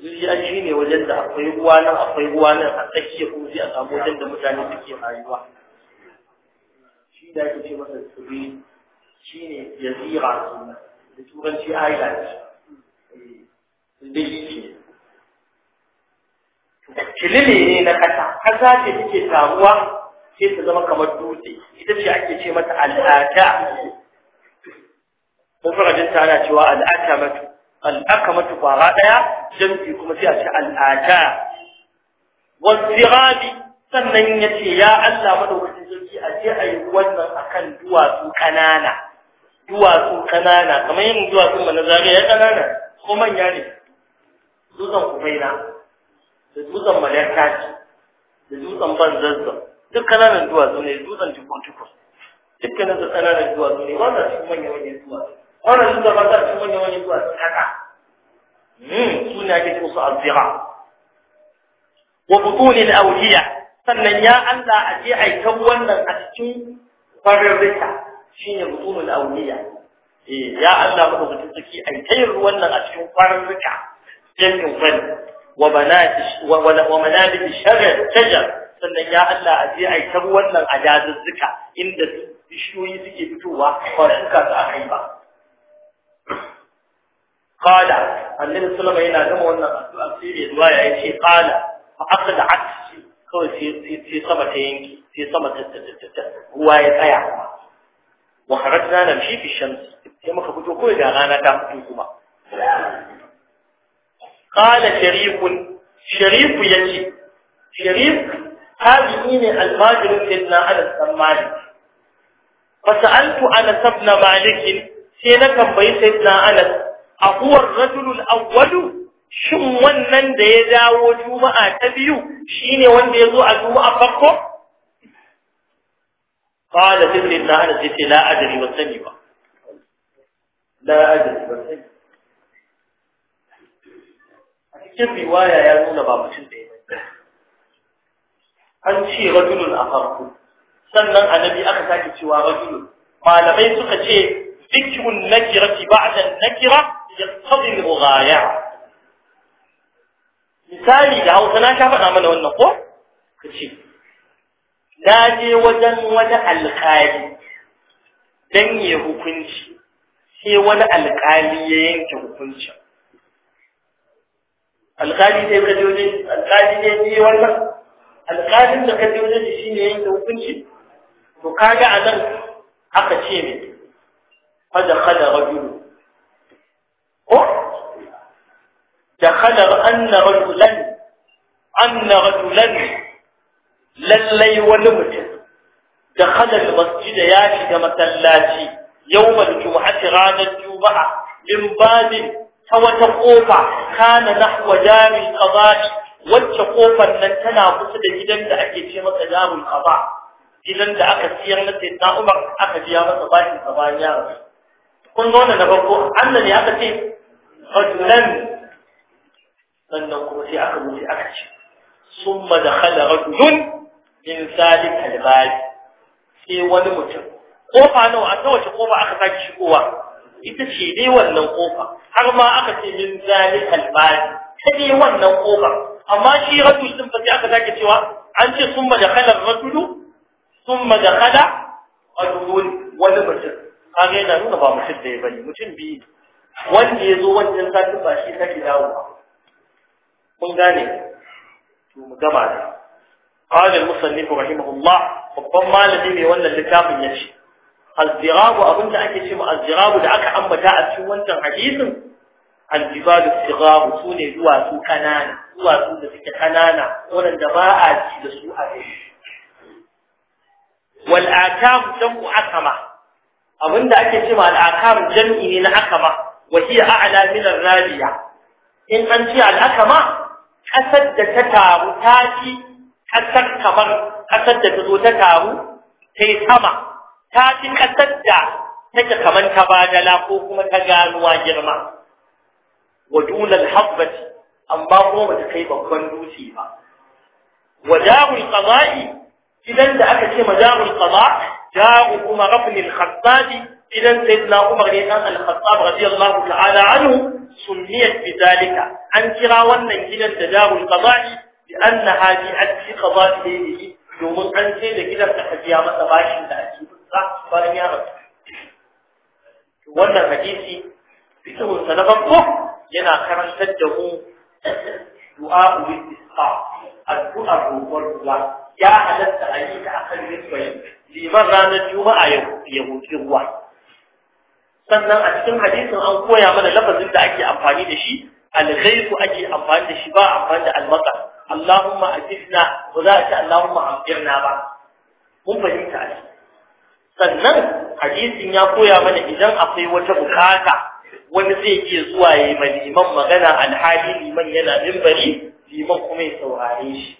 Zuriya shi ne wajen da akwai ruwa nan akwai ruwa nan a tsakiyar kuma a samu wajen da mutane suke rayuwa. Shi da ake ce masa tsuri shi ne ya zira suna da turanci island. Zuriya shi ne. ne na ƙasa, ƙasa ce take samuwa sai ta zama kamar dutse, ita ce ake ce mata al'ada. Mun fara jin tana cewa al'aka al'akamatu kwara ɗaya jam'i kuma sai a ce al'ata wasirabi sannan ya ce ya Allah madaukakin sarki a je a yi wannan akan duwatsu kanana duwatsu kanana kamar yin duwatsun mana zare ya kanana ko manya ne dutsen kubaina da dutsen malarka ce da dutsen banzazza duk kananan duwatsu ne dutsen tukur-tukur dukkanin kananan duwatsu ne wannan su manya-manyan duwatsu wannan su zama za su manya-manyan duwatsu kaka su sune ake musu alzira wa butunin auliya sannan ya Allah a je a ta wannan a cikin farirrika shine butunul auliya eh ya Allah maka mutum take a ta yin wannan a cikin farirrika jami'in wani wa banati wa wa manabi shajar shajar sannan ya Allah a je a ta wannan a dazuzzuka inda bishiyoyi suke fitowa ba suka su aka yi ba qala annabi sallama yana gama wannan addu'a sai mai ruwa ya ce qala fa aqda'at kawai sai sama ta yanki sai sama ta ruwa ya tsaya wa kharajna namshi fi shams sai muka fito kawai ga rana ta fito kuma qala sharifun sharifu yace sharif tabi'i ne almajirin sayyidina Anas bin Malik fa sa'altu Anas ibn Malik sai na tambayi sayyidina Anas a huwar rajulul awwalu shin wannan da ya dawo juma'a ta biyu shine wanda ya zo a juma'a farko qala sai na hana sai la adri wa sani ba la adri wa sani a cikin riwaya ya nuna ba mutum da ya an ce rajulul a farko sannan annabi aka sake cewa rajulul malamai suka ce zikrun nakirati ba'da nakira yaqtadi al-ghaya misali da Hausa na ka faɗa mana wannan ko kace na je wajen wani alƙali dan ya hukunci sai wani alƙali ya yanke hukuncin alƙali sai ka je wajen alƙali ne yi wannan alƙalin da ka je wajen shi ne yanke hukunci to kaga a nan aka ce ne fa da kada rajulu ko da khalar anna rajulan anna rajulan lallai wani mutum da khalar masjida ya shiga masallaci yawmal jumu'ati ranar juma'a min babin ta wata ƙofa kana nahwa jami'in qada'i wacce kofar nan tana kusa da gidan da ake ce masa darul da aka siyar na sayyidina Umar aka masa na rajulan sannan kuma sai aka zo sai aka ce summa dakhala rajulun min zalika al sai wani mutum kofa nawa a wace kofa aka saki shigowa ita ce dai wannan kofa har ma aka ce min zalikal bali ta dai wannan kofa amma shi rajul ba sai aka sake cewa an ce summa dakhala rajulu summa dakhala rajulun wani mutum kaga yana nuna ba mutum da ya bane mutum biyu wanda ya zo wancan satin ba shi sake dawowa kun gane to mu gama da qala al-musannif rahimahullah babban malami mai wannan littafin ya ce abin abinda ake cewa al azzirabu da aka ambata a cikin wancan hadisin al sigaru su ne su kanana su da suke kanana waɗanda ba a ci da su a gari wal akam jam'u akama abinda ake cewa al akam jam'i ne na akama wa hiya a'la in an ce al'akama kasar da ta taru ta ci kamar kasar da ta zo ta taru ta yi sama ta ƙasar da take kamar ta badala ko kuma ta ganuwa girma wa dunal habbati amma kuma ba ta kai babban dutse ba wa darul qada'i idan da aka ce ma madarul qada' ja'u kuma rafnil khattabi idan na Umar ne dan al-Khattab radiyallahu ta'ala anhu sunniyat bidalika an kira wannan gidan da darul qada'i bi annaha bi adfi qada'ihi domin an sai da gidan da biya masa bashin da ake sa bayan ya rasu wannan hadisi fikihun sa na farko yana karantar da mu du'a bil isqa addu'a roƙon ruwa ya halatta a yi ta akan rizqi liman ranar juma'a ya roƙi ruwa sannan a cikin hadisin an koya mana lafazin da ake amfani da shi alghaibu ake amfani da shi ba amfani da almaka Allahumma ajibna ba za a ce Allahumma amfirna ba mun fahimta ne sannan hadisin ya koya mana idan akwai wata bukata wani zai iya zuwa ya yi liman magana alhali liman yana mimbari liman kuma ya saurare shi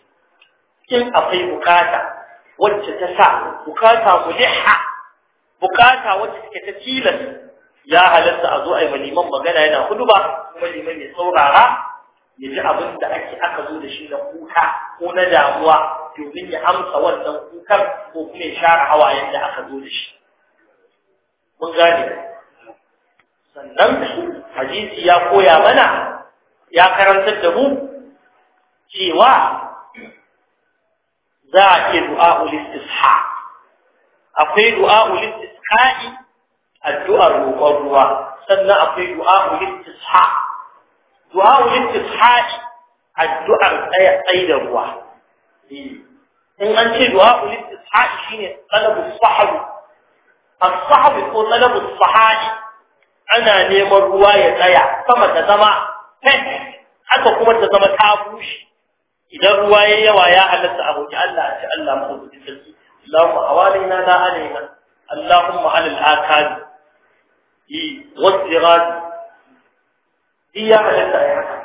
in akwai bukata wacce ta sa bukata muliha bukata wacce take ta tilas ya halatta a zo a yi maliman magana yana hudu ba kuma liman ya saurara ya ji abin da ake aka zo da shi na kuka ko na damuwa domin ya amsa wannan kukar ko kuma ya share hawayen da aka zo da shi mun gane sannan hadisi ya koya mana ya karantar da mu cewa za a iya du'a ulistisha akwai du'a ulistisha'i addu'ar roƙon ruwa sannan akwai du'a'ul istisha du'a'ul istisha addu'ar tsaya tsaye da ruwa eh, in an ce du'a'ul istisha shine talabus sahabi as-sahabi ko talabus sahabi ana neman ruwa ya tsaya sama ta zama haka kuma ta zama ta bushe idan ruwa ya yawa ya halatta a hoji Allah a Allah mu hudu sarki Allahumma awalina la alaina Allahumma alal akali yi wasirati iya halatta ya haka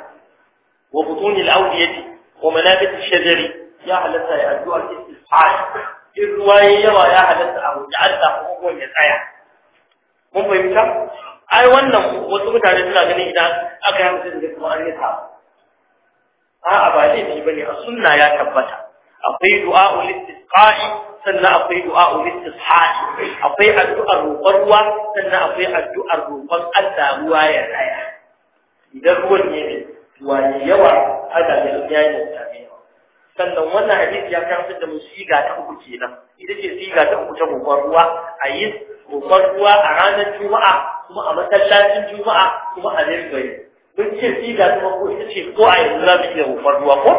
wa butunil awdiyati wa manabit shajari ya halatta ya addu'a istifhar in ruwa yayi yawa ya halatta a wuce Allah ko ko ya tsaya mun fahimta ai wannan wasu mutane suna ganin idan aka yi musu da kuma an yi sa'a. a'a ba laifi bane a sunna ya tabbata akwai du'a ul istisqa'i sannan akwai du'a ulistisha'i akwai addu'ar roƙon ruwa sannan akwai addu'ar roƙon Allah ruwa ya raya idan ruwan ne ne ruwa ne yawa ana da yayin tabi sannan wannan hadisi ya kafa da mu siga ta uku kenan ita ce siga ta uku ta roƙon ruwa a yi roƙon ruwa a ranar juma'a kuma a masallacin juma'a kuma a rinjaye mun ce siga ta uku ita ce ko a yanzu za mu iya roƙon ruwa ko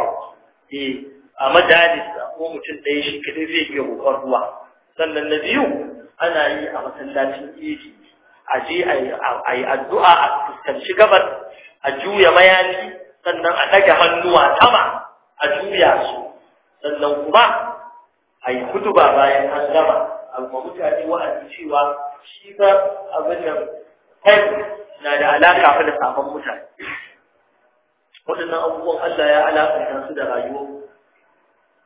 eh a majalisa ko mutum ɗaya shi kadai zai iya roƙon ruwa sannan na biyu ana yi a masallacin idi a je a yi addu'a a fuskanci gabar a juya mayafi sannan a ɗaga hannuwa sama a juya su sannan kuma a yi kutuba bayan an gama amma mutane wa'azi cewa shi ba abin da kai na da alaƙa fa da sabon mutane waɗannan abubuwan Allah ya alaƙa su da rayuwa.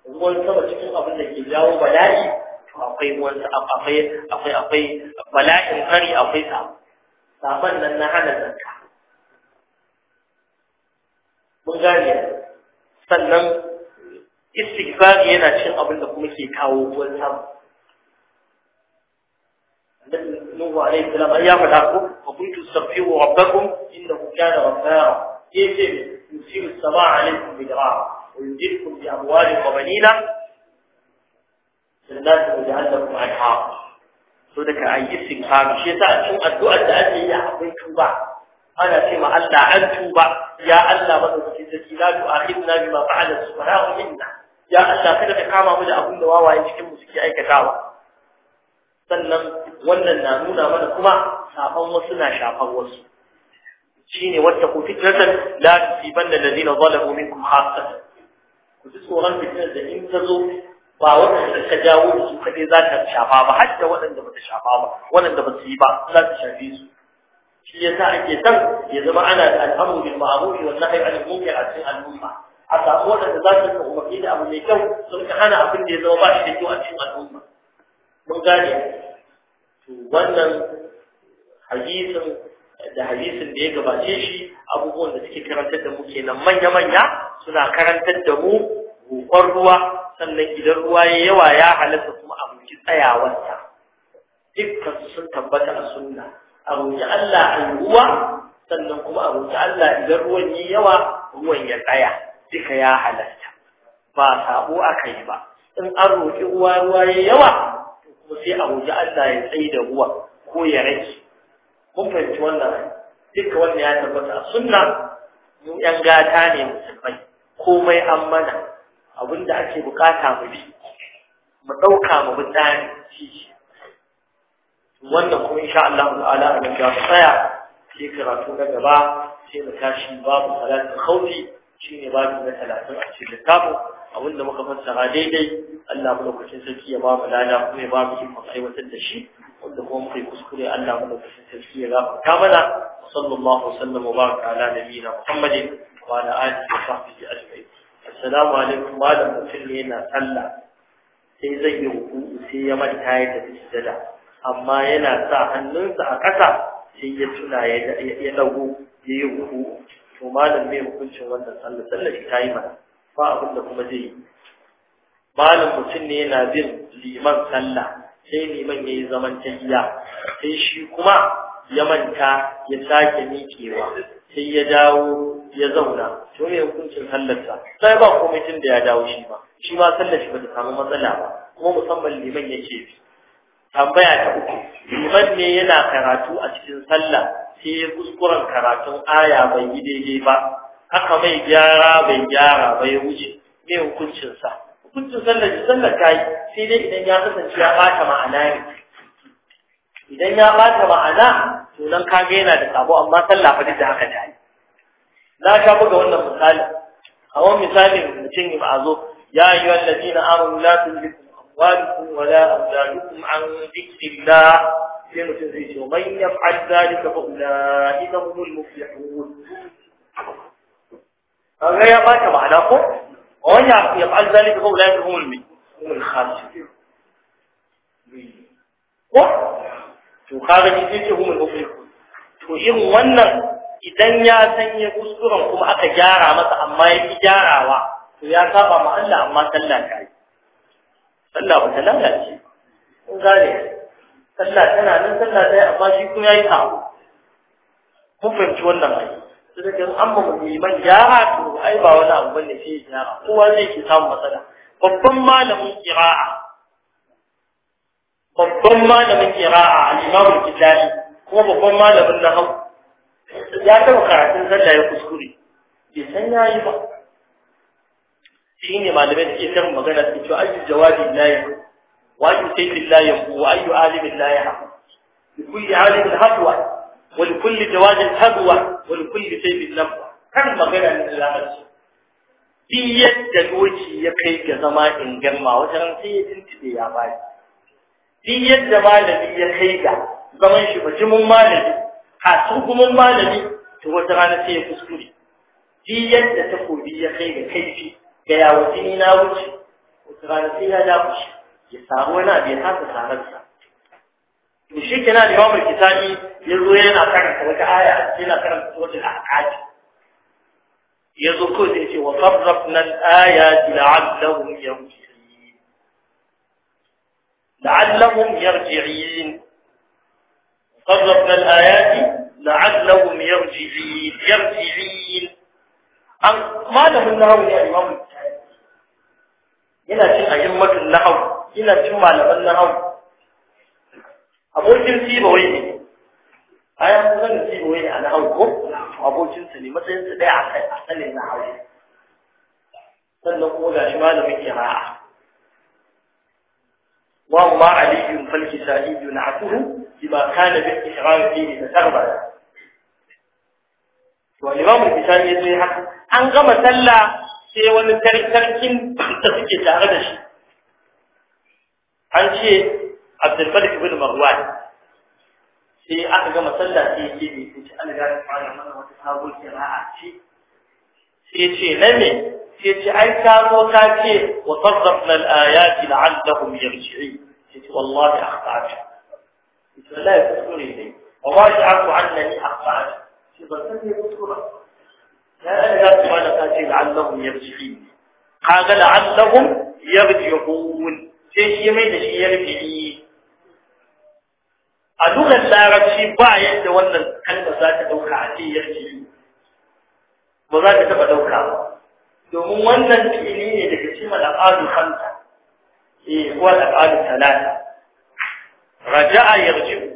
ruwan sama cikin abin da ke jawo bala'i to akwai ruwan akwai akwai akwai bala'in kari akwai sa saban nan na hana zanka. mun gane sannan istighfar yana cin abin da kuma ke kawo ruwan sama Nuhu alaihi salam ya faɗa ko wa kuntu tastaghfiru rabbakum innahu kana ghaffara yace yusiru samaa alaikum bid'a ويمددكم بأموال وبنين جنات وجعل لكم أنهار so daga ayi sin karu shi yasa a cikin addu'ar da ake yi akwai tuba ana ce ma Allah an tuba ya Allah madaukaki sarki la tu'akhidna bima fa'ala subhanahu minna ya Allah kada ka kama mu da abin da cikin suke aikatawa sannan wannan na nuna mana kuma shafan wasu na shafan wasu shine wata ku fitratan la tusibanna alladhina zalamu minkum khassatan ku tsoron fitinar da in ta zo ba da ka jawo da su kaɗai za ka shafa ba har da waɗanda ba ta shafa ba waɗanda ba su yi ba za ta shafe su shi ya sa ake san ya zama ana da al'amuru bil ma'ruf wa nahyi anil munkar a cikin al'umma a samu waɗanda za su yi umarni da abu mai kyau sun ka hana abin da ya zama ba shi da kyau a cikin al'umma mun gane to wannan hadisin da hadisin da ya gabace shi abubuwan da suke karantar da mu kenan manya-manya suna karantar da mu roƙon ruwa sannan idan ruwa ya yawa ya halatta kuma a roƙi tsayawarta dukkan su sun tabbata a sunna a roƙi Allah a ruwa sannan kuma a roƙi Allah idan ruwan yi yawa ruwan ya tsaya duka ya halatta ba sabo aka yi ba in an roƙi ruwa ruwa ya yawa kuma sai a roƙi Allah ya tsaye da ruwa ko ya rage mun fahimci wannan duka wannan ya tabbata a sunna mu 'yan gata ne musulmai komai an mana da ake bukata mu bi mu dauka mu tsari wannan kuma insha Allah ta'ala a ga tsaya sai karatu na gaba sai mu tashi babu salatu khawfi shine babu na 30 a cikin littafin abinda muka fassara daidai Allah lokacin sarki ya ba mu lada kuma ya ba mu himma wata da shi wanda kuma muka kuskure Allah lokacin sarki ya ta mana sallallahu alaihi wa sallam wa baraka ala nabiyina Muhammadin وعلى آله وصحبه أجمعين السلام عليكم مالا مسلم هنا Sallah. sai zai yi hukuku sai ya manta ya tafi sujada amma yana sa hannunsa a ƙasa sai ya tuna ya dago ya yi hukuku to malam mai hukuncin wannan sallah sallah ta yi mana ba abin da kuma zai yi malam mutum ne yana bin liman sallah sai liman ya yi zaman tahiya sai shi kuma ya manta ya sake miƙewa sai ya dawo ya zauna to ne hukuncin sallarsa sai ba komai tun da ya dawo shi ba shi ma sallar shi ba ta samu matsala ba kuma musamman liman yake bi tambaya ta uku liman ne yana karatu a cikin sallah sai ya kuskuren karatun aya bai yi daidai ba haka mai gyara bai gyara bai wuce ne hukuncin sa hukuncin sallar shi sallar ta yi sai dai idan ya kasance ya bata ma'ana ne idan ya bata ma'ana Tunan kage yana da sabo amma sallah fa duk da haka ta yi na ka buga wannan misali a wani misali mutum ya ma'azo ya yi wallazi na amanu la tulhikum amwalukum wa la amwalukum an dhikrillah sai mutum zai ce man yaf'al fa ulaika humul muflihun ya ma'ana ko wani fa ulaika humul muflihun ko to kaga shi zai ce humul muflihun to irin wannan idan ya san ya kuskuren kuma aka gyara masa amma ya fi gyarawa to ya saba ma Allah amma sallah ta yi sallah ba ta lalace kun gane sallah tana nan sallah ta yi amma shi kuma ya yi sabo kun fahimci wannan ai su da kyan amma man gyara to ai ba wani abu bane sai ya gyara kowa zai ke samun matsala babban malamin kira'a babban malamin kira'a al-imam al-kisa'i kuma babban malamin nahwu ya taba karatun sallah ya kuskure bai san yayi ba shine malamai ke kan magana su ce ayyu jawabi la wa ayyu taifin la wa ayyu alimin la yahu likulli alimin hadwa wa likulli jawabin hadwa wa likulli taifin lamba. kan magana ne da lalaci duk yadda doki ya kai ga zama ingamma wajen sai ya tuntube ya bayi duk yadda malami ya kai ga zaman shi bajimin malami a tsugumin malami to wata rana sai ya kuskure duk yadda takobi ya kai ga kaifi ga yawo jini na wuce wata rana sai ya dafu shi ya samu wani abu ya tasa sararsa to shi kina da yawan kitabi ya zo yana karanta wata aya yana karanta wata al'aqati ya zo ko zai ce wa farrafna al-ayati la'allahum yanzurun لعلهم يرجعين قضبنا الآيات لعلهم يرجعين يرجعين ما له النهو يا إمام إلا تنها يمة النهو إلا تنها لما النهو أبو جنسي بوين أيا أبو جنسي بوين أنا أقول أبو جنسي لما تنسي بيع أحسن النهو سنقول أشمال مكي رائع آه. وهما علي فالكسائي نعته بما كان بالإحرام فيه فتغبى والإمام الكسائي يزوي حقا أن سلا sai wani tarkin da suke tare da shi an ce abdulmalik ibn marwan sai aka gama sallah sai ce bai ce an ga fara mana wata sabon kira'a ce sai ce na me sai ce ai ka قلت والله اخطات قلت لا تذكرني لي والله اعرف عني اخطات فبتني بصوره لا يا قال تاجيل علهم يرجعون قال لعلهم يرجعون شيء يمين شيء يرجعي ادوغ الدارشي با يده wannan kalma zaka dauka a cikin yarki ba za ka taba dauka domin wannan kini ne daga cikin al'adun hanta إيه، هو الأفعال الثلاثة رجاء يرجع